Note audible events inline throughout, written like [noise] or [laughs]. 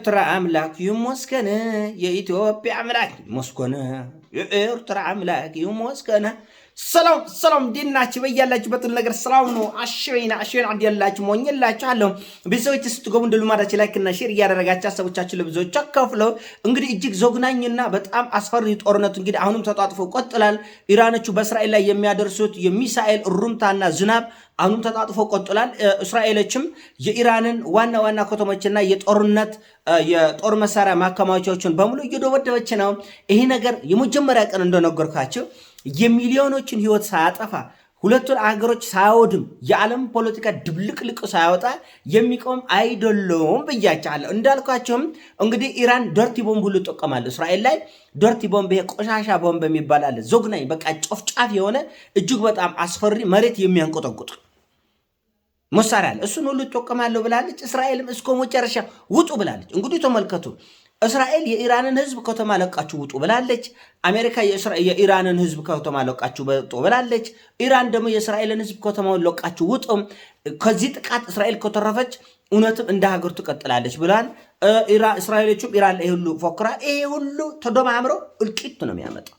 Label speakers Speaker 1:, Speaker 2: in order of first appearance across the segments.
Speaker 1: የኤርትራ አምላክ ይመስገን የኢትዮጵያ አምላክ ይመስገን የኤርትራ አምላክ ይመስገን ሰላም ሰላም፣ እንዴት ናችሁ? በያላችሁበት ነገር ሰላም ነው። አሽሬና አሽሬን አንድ ያላችሁ ሞኝላችኋለሁ። ቤተሰቦች ስትገቡ እንደ ልማዳችሁ ላይክ እና ሼር እያደረጋችሁ ሀሳቦቻችሁ ለብዙዎች አካፍሉ። እንግዲህ እጅግ ዘግናኝና በጣም አስፈሪ ጦርነቱ እንግዲህ አሁንም ተጧጥፎ ይቀጥላል። ኢራኖቹ በእስራኤል ላይ የሚያደርሱት የሚሳኤል ሩምታና ዝናብ አሁንም ተጣጥፎ ቆጥላል። እስራኤሎችም የኢራንን ዋና ዋና ከተሞችና የጦርነት የጦር መሳሪያ ማከማቻዎችን በሙሉ እየደበደበች ነው። ይሄ ነገር የመጀመሪያ ቀን እንደነገርኳቸው የሚሊዮኖችን ህይወት ሳያጠፋ ሁለቱን አገሮች ሳያወድም የዓለም ፖለቲካ ድብልቅልቅ ሳያወጣ የሚቆም አይደለውም ብያቸዋለሁ። እንዳልኳቸውም እንግዲህ ኢራን ዶርቲ ቦምብ ሁሉ ይጠቀማል እስራኤል ላይ ዶርቲ ቦምብ፣ ይሄ ቆሻሻ ቦምብ የሚባል አለ። ዘግናኝ በቃ ጮፍጫፍ የሆነ እጅግ በጣም አስፈሪ መሬት የሚያንቆጠቁጥ መሳሪያ አለ። እሱን ሁሉ ይጠቀማለሁ ብላለች። እስራኤልም እስከ መጨረሻ ውጡ ብላለች። እንግዲህ ተመልከቱ እስራኤል የኢራንን ህዝብ ከተማ ለቃችሁ ውጡ ብላለች። አሜሪካ የኢራንን ህዝብ ከተማ ለቃችሁ ውጡ ብላለች። ኢራን ደግሞ የእስራኤልን ህዝብ ከተማውን ለቃችሁ ውጡ፣ ከዚህ ጥቃት እስራኤል ከተረፈች እውነትም እንደ ሀገር ትቀጥላለች ብለዋል። እስራኤሎችም ኢራን ላይ ሁሉ ፎክራ ይሄ ሁሉ ተደማምሮ እልቂት ነው የሚያመጣው።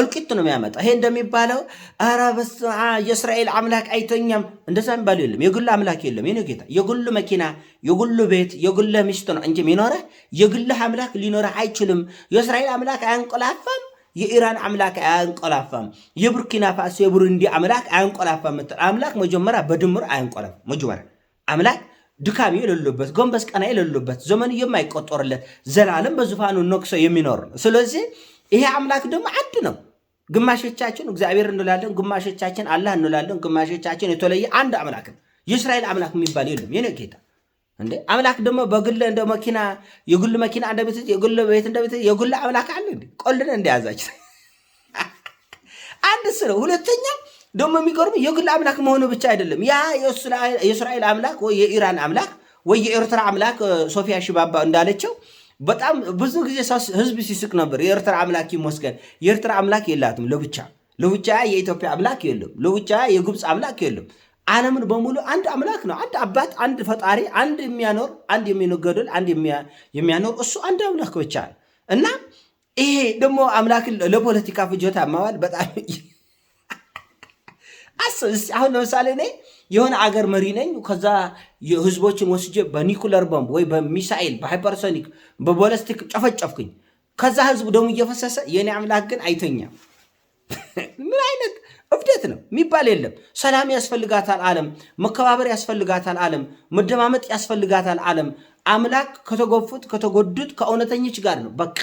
Speaker 1: እልቂት ነው የሚያመጣ። ይሄ እንደሚባለው ኧረ በስመ አብ የእስራኤል አምላክ አይተኛም፣ እንደዛ የሚባለው የለም። የግሉ አምላክ የለም። የኔ ጌታ የግሉ መኪና፣ የግሉ ቤት፣ የግሉ ሚስት ነው እንጂ የሚኖረህ የግሉ አምላክ ሊኖረህ አይችልም። የእስራኤል አምላክ አያንቆላፋም። የኢራን አምላክ አያንቆላፋም። የቡርኪና ፋሶ የቡሩንዲ አምላክ አያንቆላፋም። ምትል አምላክ መጀመሪያ በድምር አያንቆላፍ መጀመሪያ አምላክ ድካሚ የሌሉበት ጎንበስ ቀና የሌሉበት ዘመን የማይቆጠርለት ዘላለም በዙፋኑ ነግሶ የሚኖር ስለዚህ ይሄ አምላክ ደግሞ አንድ ነው። ግማሾቻችን እግዚአብሔር እንላለን፣ ግማሾቻችን አላህ እንላለን፣ ግማሾቻችን የተለየ አንድ ነው። የእስራኤል አምላክ የሚባል የለም። የኔ ጌታ እንዴ አምላክ ደግሞ በግል እንደ መኪና የግል መኪና እንደ ቤት የግል ቤት እንደ ቤት የግል አምላክ አለ እንዴ? ቆልን እንደያዛችሁ [laughs] አንድ ስለ ሁለተኛ ደግሞ የሚቀርቡ የግል አምላክ መሆኑ ብቻ አይደለም። ያ የእስራኤል አምላክ ወይ የኢራን አምላክ ወይ የኤርትራ አምላክ ሶፊያ ሽባባ እንዳለቸው በጣም ብዙ ጊዜ ህዝብ ሲስቅ ነበር። የኤርትራ አምላክ ይመስገን። የኤርትራ አምላክ የላትም ለብቻ ለብቻ የኢትዮጵያ አምላክ የለም፣ ለብቻ የግብፅ አምላክ የለም። ዓለምን በሙሉ አንድ አምላክ ነው። አንድ አባት፣ አንድ ፈጣሪ፣ አንድ የሚያኖር፣ አንድ የሚገድል፣ አንድ የሚያኖር እሱ አንድ አምላክ ብቻ ነው እና ይሄ ደግሞ አምላክን ለፖለቲካ ፍጆታ ማዋል በጣም [laughs] አሁን ለምሳሌ እኔ የሆነ አገር መሪ ነኝ፣ ከዛ ህዝቦችን ወስጄ በኒኩለር ቦምብ ወይ በሚሳኤል በሃይፐርሶኒክ በቦለስቲክ ጨፈጨፍኩኝ። ከዛ ህዝቡ ደሙ እየፈሰሰ የኔ አምላክ ግን አይተኛም። [laughs] ምን አይነት እብደት ነው የሚባል የለም። ሰላም ያስፈልጋታል ዓለም፣ መከባበር ያስፈልጋታል ዓለም፣ መደማመጥ ያስፈልጋታል ዓለም። አምላክ ከተጎፉት ከተጎዱት ከእውነተኞች ጋር ነው በቃ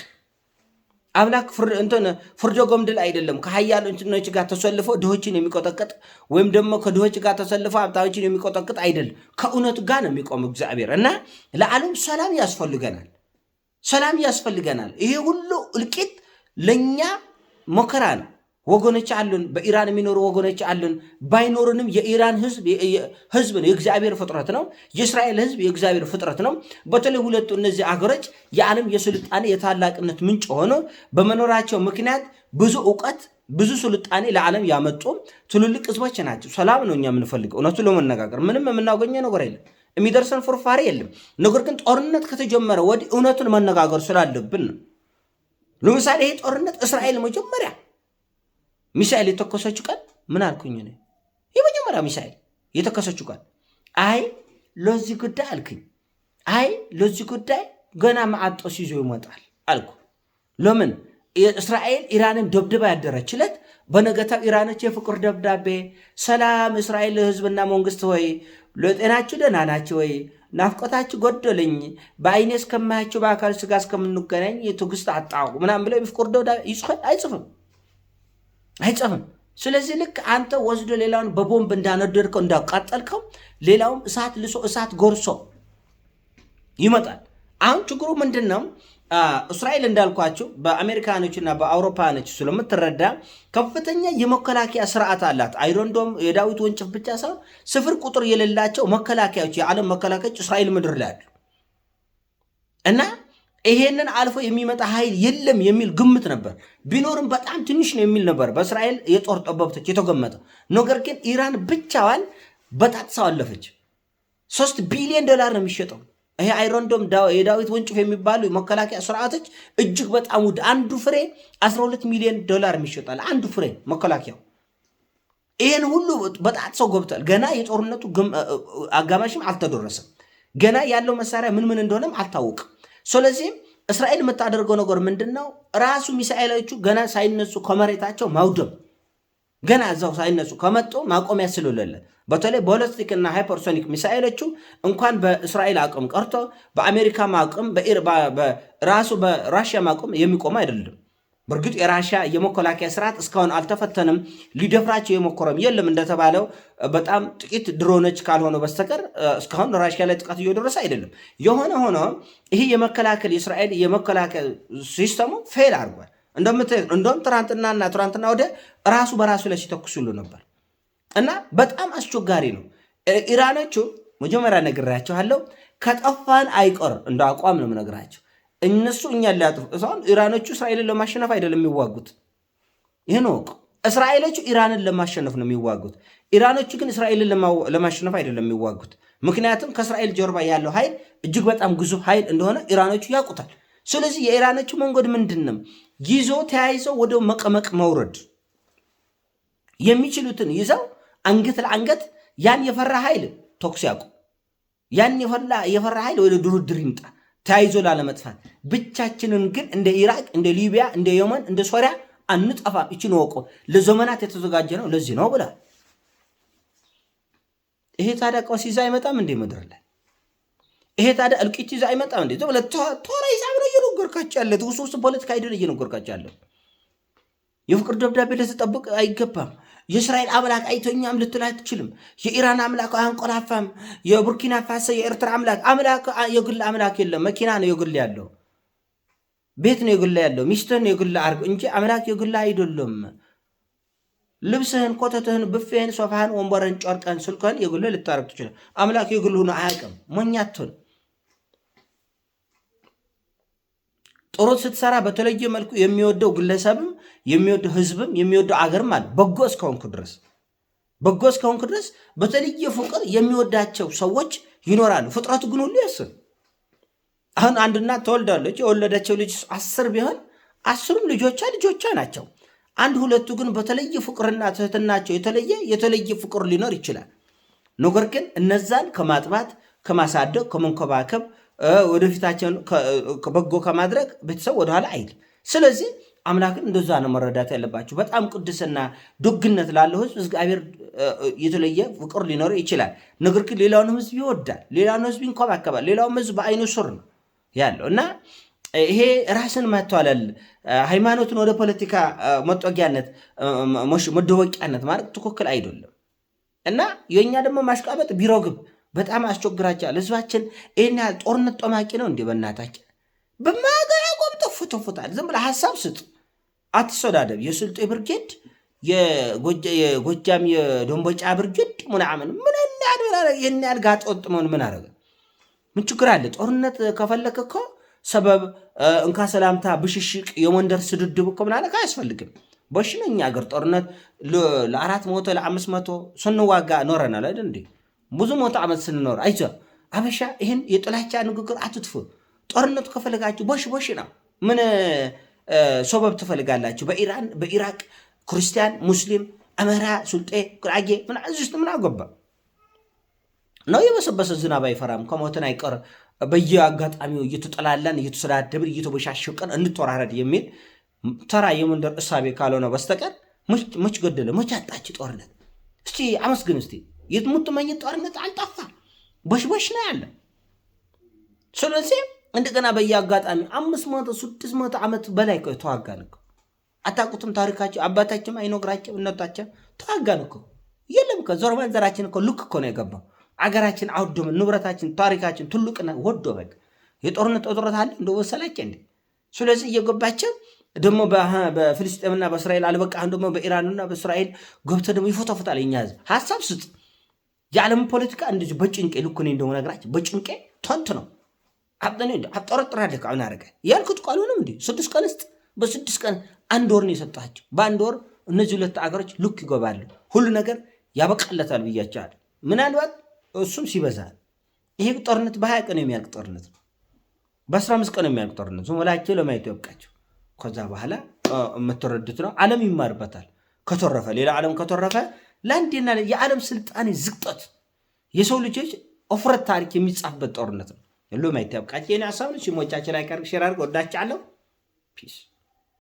Speaker 1: አምላክ እንትን ፍርዶ ጎምድል አይደለም። ከሀያሎች ጋር ተሰልፎ ድሆችን የሚቆጠቅጥ ወይም ደግሞ ከድሆች ጋር ተሰልፎ ሀብታዎችን የሚቆጠቅጥ አይደለም። ከእውነቱ ጋር ነው የሚቆም እግዚአብሔር እና ለዓለም ሰላም ያስፈልገናል፣ ሰላም ያስፈልገናል። ይሄ ሁሉ እልቂት ለእኛ መከራ ነው። ወገኖች አሉን፣ በኢራን የሚኖሩ ወገኖች አሉን። ባይኖሩንም የኢራን ህዝብ ህዝብ ነው፣ የእግዚአብሔር ፍጥረት ነው። የእስራኤል ህዝብ የእግዚአብሔር ፍጥረት ነው። በተለይ ሁለቱ እነዚህ አገሮች የዓለም የስልጣኔ የታላቅነት ምንጭ ሆኖ በመኖራቸው ምክንያት ብዙ እውቀት ብዙ ስልጣኔ ለዓለም ያመጡ ትልልቅ ህዝቦች ናቸው። ሰላም ነው እኛ የምንፈልገው። እውነቱ ለመነጋገር ምንም የምናገኘው ነገር የለም፣ የሚደርሰን ፍርፋሪ የለም። ነገር ግን ጦርነት ከተጀመረ ወዲህ እውነቱን መነጋገር ስላለብን ነው። ለምሳሌ ይሄ ጦርነት እስራኤል መጀመሪያ ሚሳኤል የተኮሰችው ቀን ምን አልኩኝ ነው የመጀመሪያ ሚሳኤል የተኮሰችው ቀን አይ ለዚህ ጉዳይ አልክኝ አይ ለዚህ ጉዳይ ገና ማዕጦስ ይዞ ይመጣል አልኩ። ለምን እስራኤል ኢራንን ደብድባ ያደረችለት በነገታው ኢራኖች የፍቅር ደብዳቤ ሰላም እስራኤል ህዝብና መንግስት ሆይ ለጤናችሁ ደህና ናችሁ ወይ? ናፍቆታችሁ ጎደለኝ። በአይኔ እስከማያችሁ በአካል ስጋ እስከምንገናኝ ትዕግስት አጣቁ ምናም ብለው የፍቅር ደብዳቤ አይጽፍም። አይጨፍም። ስለዚህ ልክ አንተ ወስዶ ሌላውን በቦምብ እንዳነደድከው እንዳቃጠልከው ሌላውም እሳት ልሶ እሳት ጎርሶ ይመጣል። አሁን ችግሩ ምንድን ነው? እስራኤል እንዳልኳቸው በአሜሪካኖችና በአውሮፓኖች ስለምትረዳ ከፍተኛ የመከላከያ ስርዓት አላት። አይሮንዶም የዳዊት ወንጭፍ ብቻ ሳይሆን ስፍር ቁጥር የሌላቸው መከላከያዎች፣ የዓለም መከላከያዎች እስራኤል ምድር ላይ አሉ እና ይሄንን አልፎ የሚመጣ ኃይል የለም የሚል ግምት ነበር። ቢኖርም በጣም ትንሽ ነው የሚል ነበር በእስራኤል የጦር ጠበብቶች የተገመጠ። ነገር ግን ኢራን ብቻዋን በጣጥሳው አለፈች። ሶስት ቢሊዮን ዶላር ነው የሚሸጠው ይሄ አይሮንዶም የዳዊት ወንጭፍ የሚባሉ መከላከያ ስርዓቶች እጅግ በጣም ውድ፣ አንዱ ፍሬ 12 ሚሊዮን ዶላር የሚሸጣል። አንዱ ፍሬ መከላከያው ይህን ሁሉ በጣጥሰው ገብቷል። ገና የጦርነቱ አጋማሽም አልተደረሰም። ገና ያለው መሳሪያ ምን ምን እንደሆነም አልታወቅም። ስለዚህም እስራኤል የምታደርገው ነገር ምንድን ነው? ራሱ ሚሳኤሎቹ ገና ሳይነሱ ከመሬታቸው ማውደም ገና እዛው ሳይነሱ ከመጡ ማቆሚያ ስለሌለ በተለይ ቦለስቲክ እና ሃይፐርሶኒክ ሚሳኤሎቹ እንኳን በእስራኤል አቅም ቀርቶ በአሜሪካ አቅም ራሱ በራሽያ አቅም የሚቆም አይደለም። በእርግጥ የራሻ የመከላከያ ስርዓት እስካሁን አልተፈተንም። ሊደፍራቸው የሞከረም የለም። እንደተባለው በጣም ጥቂት ድሮኖች ካልሆነ በስተቀር እስካሁን ራሽያ ላይ ጥቃት እየደረሰ አይደለም። የሆነ ሆኖ ይህ የመከላከል የእስራኤል የመከላከል ሲስተሙ ፌል አድርጓል። እንደም ትናንትናና ትናንትና ወደ ራሱ በራሱ ላይ ሲተኩሱሉ ነበር እና በጣም አስቸጋሪ ነው። ኢራኖቹ መጀመሪያ ነግራቸዋለሁ፣ ከጠፋን አይቀር እንደ አቋም ነው ነግራቸው እነሱ እኛ ሊያጥፉ እሷን ኢራኖቹ እስራኤልን ለማሸነፍ አይደለም የሚዋጉት። ይህን ወቅ እስራኤሎቹ ኢራንን ለማሸነፍ ነው የሚዋጉት። ኢራኖቹ ግን እስራኤልን ለማሸነፍ አይደለም የሚዋጉት። ምክንያቱም ከእስራኤል ጀርባ ያለው ኃይል እጅግ በጣም ግዙፍ ኃይል እንደሆነ ኢራኖቹ ያውቁታል። ስለዚህ የኢራኖቹ መንገድ ምንድን ነው? ይዞ ተያይዘው ወደ መቀመቅ መውረድ፣ የሚችሉትን ይዘው አንገት ለአንገት ያን የፈራ ኃይል ተኩስ ያቁ፣ ያን የፈራ ኃይል ወደ ድርድር ይምጣ ተያይዞ ላለመጥፋት ብቻችንን ግን እንደ ኢራቅ፣ እንደ ሊቢያ፣ እንደ የመን፣ እንደ ሶሪያ አንጠፋም። ይችን ወቆ ለዘመናት የተዘጋጀ ነው። ለዚህ ነው ብላል። ይሄ ታዲያ ቀውስ ይዛ አይመጣም እንዴ? ምድር ላይ ይሄ ታዲያ እልቂት ይዛ አይመጣም እንዴ? ብለ ቶረ ይዛ ብለ እየነገርካቸው ያለ ውስጥ ውስጥ ፖለቲካ አይደል እየነገርካቸው ያለ የፍቅር ደብዳቤ ለተጠብቅ አይገባም። የእስራኤል አምላክ አይተኛም ልትል አትችልም። የኢራን አምላክ አያንቆላፋም። የቡርኪና ፋሶ የኤርትራ አምላክ አምላክ የግል አምላክ የለም። መኪና ነው የግል ያለው፣ ቤት ነው የግል ያለው፣ ሚስትህን ነው የግል አርግ እንጂ አምላክ የግል አይደለም። ልብስህን፣ ኮተትህን፣ ብፌህን፣ ሶፋህን፣ ወንበረን፣ ጨርቀን፣ ስልከን የግል ልታረግ ትችላል። አምላክ የግል ሆኖ አያውቅም። ሞኛትን ጥሩ ስትሰራ በተለየ መልኩ የሚወደው ግለሰብም የሚወደው ህዝብም የሚወደው አገርም አለ። በጎ እስከሆንኩ ድረስ በጎ እስከሆንኩ ድረስ በተለየ ፍቅር የሚወዳቸው ሰዎች ይኖራሉ። ፍጥረቱ ግን ሁሉ ያስል አሁን አንድ እናት ተወልዳለች። የወለደቸው ልጅ አስር ቢሆን አስሩም ልጆቿ ልጆቿ ናቸው። አንድ ሁለቱ ግን በተለየ ፍቅርና ትህትናቸው የተለየ የተለየ ፍቅር ሊኖር ይችላል። ነገር ግን እነዛን ከማጥባት ከማሳደግ ከመንከባከብ ወደፊታቸውን በጎ ከማድረግ ቤተሰብ ወደኋላ አይል። ስለዚህ አምላክን እንደዛ ነው መረዳት ያለባቸው በጣም ቅድስና ደግነት ላለው ህዝብ እግዚአብሔር የተለየ ፍቅር ሊኖረው ይችላል። ነገር ግን ሌላውን ህዝብ ይወዳል፣ ሌላውን ህዝብ ይንከባከባል፣ ሌላውን ህዝብ በአይኑ ስር ነው ያለው እና ይሄ ራስን ማተዋለል ሃይማኖትን ወደ ፖለቲካ መጦጊያነት መደወቂያነት ማድረግ ትክክል አይደለም እና የእኛ ደግሞ ማሽቃበጥ ቢሮግብ በጣም አስቸግራችኋል። ህዝባችን ይህን ያህል ጦርነት ጠማቂ ነው እንዲህ በእናታችን በማገራቆም ጥፉትፉታል። ዝም ብለህ ሀሳብ ስጥ፣ አትሰዳደብ። የስልጤ ብርጌድ፣ የጎጃም የደንቦጫ ብርጌድ ምናምን ምን ይህን ያህል ጋጥ መሆን ምን አረገ? ምን ችግር አለ? ጦርነት ከፈለክ እኮ ሰበብ እንካ ሰላምታ፣ ብሽሽቅ፣ የመንደር ስድድብ እኮ ምናለ አያስፈልግም። በሽነኛ ሀገር ጦርነት ለአራት መቶ ለአምስት መቶ ስንዋጋ ኖረናል አይደል እንዴ? ብዙ መቶ ዓመት ስንኖር አይዞ አበሻ ይህን የጥላቻ ንግግር አትጥፉ። ጦርነቱ ከፈለጋችሁ ቦሽ ቦሽ ነው። ምን ሰበብ ትፈልጋላችሁ? በኢራን በኢራቅ ክርስቲያን፣ ሙስሊም፣ አመራ፣ ሱልጤ፣ ጉራጌ ምን ውስጥ ምን አገባ ነው? የበሰበሰ ዝናብ አይፈራም። ከሞትን አይቀር በየአጋጣሚው እየተጠላለን፣ እየተሰዳደብን፣ እየተበሻሸቀን እንተራረድ የሚል ተራ የመንደር እሳቤ ካልሆነ በስተቀር መች ገደለ መች አጣች ጦርነት? እስቲ አመስግን እስቲ የምትመኝ ጦርነት አልጠፋ በሽበሽ ነው ያለ። ስለዚህ እንደገና በየአጋጣሚ አምስት መቶ ስድስት መቶ ዓመት በላይ ተዋጋን እኮ አታውቁትም። ታሪካቸው አባታችን አይኖግራቸው እነታቸው ተዋጋን እኮ የለም እኮ ዞርባን ዘራችን እኮ ልክ እኮ ነው የገባው። አገራችን አውደመን፣ ንብረታችን፣ ታሪካችን ትልቅና ወዶ በግ የጦርነት ጦርነት አለ እንደ ወሰላቸ እንዴ። ስለዚህ እየገባቸው ደግሞ በፍልስጤምና በእስራኤል አልበቃህም ደግሞ በኢራንና በእስራኤል ገብተ ደግሞ ይፎታፎታል የኛ ህዝብ ሀሳብ ስጥ የዓለም ፖለቲካ እንደዚ በጭንቄ ልክ እኔ እንደሆነ ነገራች በጭንቄ ቶንት ነው አጠረጥራለሁ ከአሁን አረገ ያልኩት ቃል ሆነም እንዲ ስድስት ቀን ስጥ በስድስት ቀን አንድ ወር ነው የሰጣቸው። በአንድ ወር እነዚህ ሁለት አገሮች ልክ ይገባሉ፣ ሁሉ ነገር ያበቃለታል ብያቸዋል። ምናልባት እሱም ሲበዛ ይሄ ጦርነት በሀያ ቀን የሚያልቅ ጦርነት ነው፣ በአስራ አምስት ቀን የሚያልቅ ጦርነት ዞመላቸው ለማየት ያብቃቸው። ከዛ በኋላ የምትረዱት ነው። ዓለም ይማርበታል ከተረፈ ሌላ ዓለም ከተረፈ ለአንዴና የዓለም ስልጣኔ ዝቅጠት የሰው ልጆች እፍረት ታሪክ የሚጻፍበት ጦርነት ነው። ሁሉም አይታብቃቸው። የኔ ሀሳብ ነው። ሲሞቻችን አይቀርብ ሽራርግ ወዳች አለው ፒስ